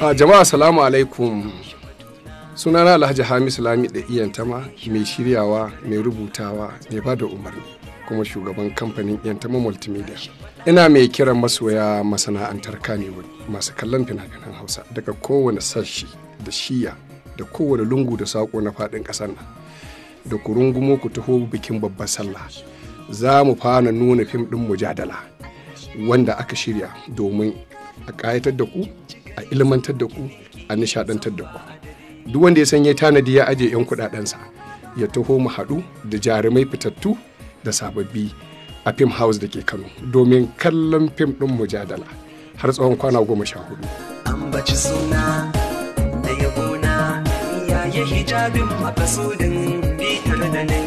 a jama'a salamu alaikum sunana alhaji hamis lami da iyantama mai shiryawa mai rubutawa mai bada umarni kuma shugaban kamfanin iyantama multimedia ina mai kiran masoya masana'antar kanewa masu kallon fina-finan hausa daga kowane sashi da shiya da kowane lungu da saƙo na faɗin ƙasar nan da ku rungumo ku taho bikin babbar sallah za mu fara nuna fim ɗin mujadala wanda aka shirya domin a ƙayatar da ku a ilmantar da ku a nishadantar da ku duk wanda ya san ya tanadi ya aje yan kudadensa ya taho mu haɗu da jarumai fitattu da sababbi a fim house da ke kano domin kallon fim ɗin mujadala har tsawon kwana goma sha hudu ambaci suna da yabona yi hijabin makasudin bitar da ne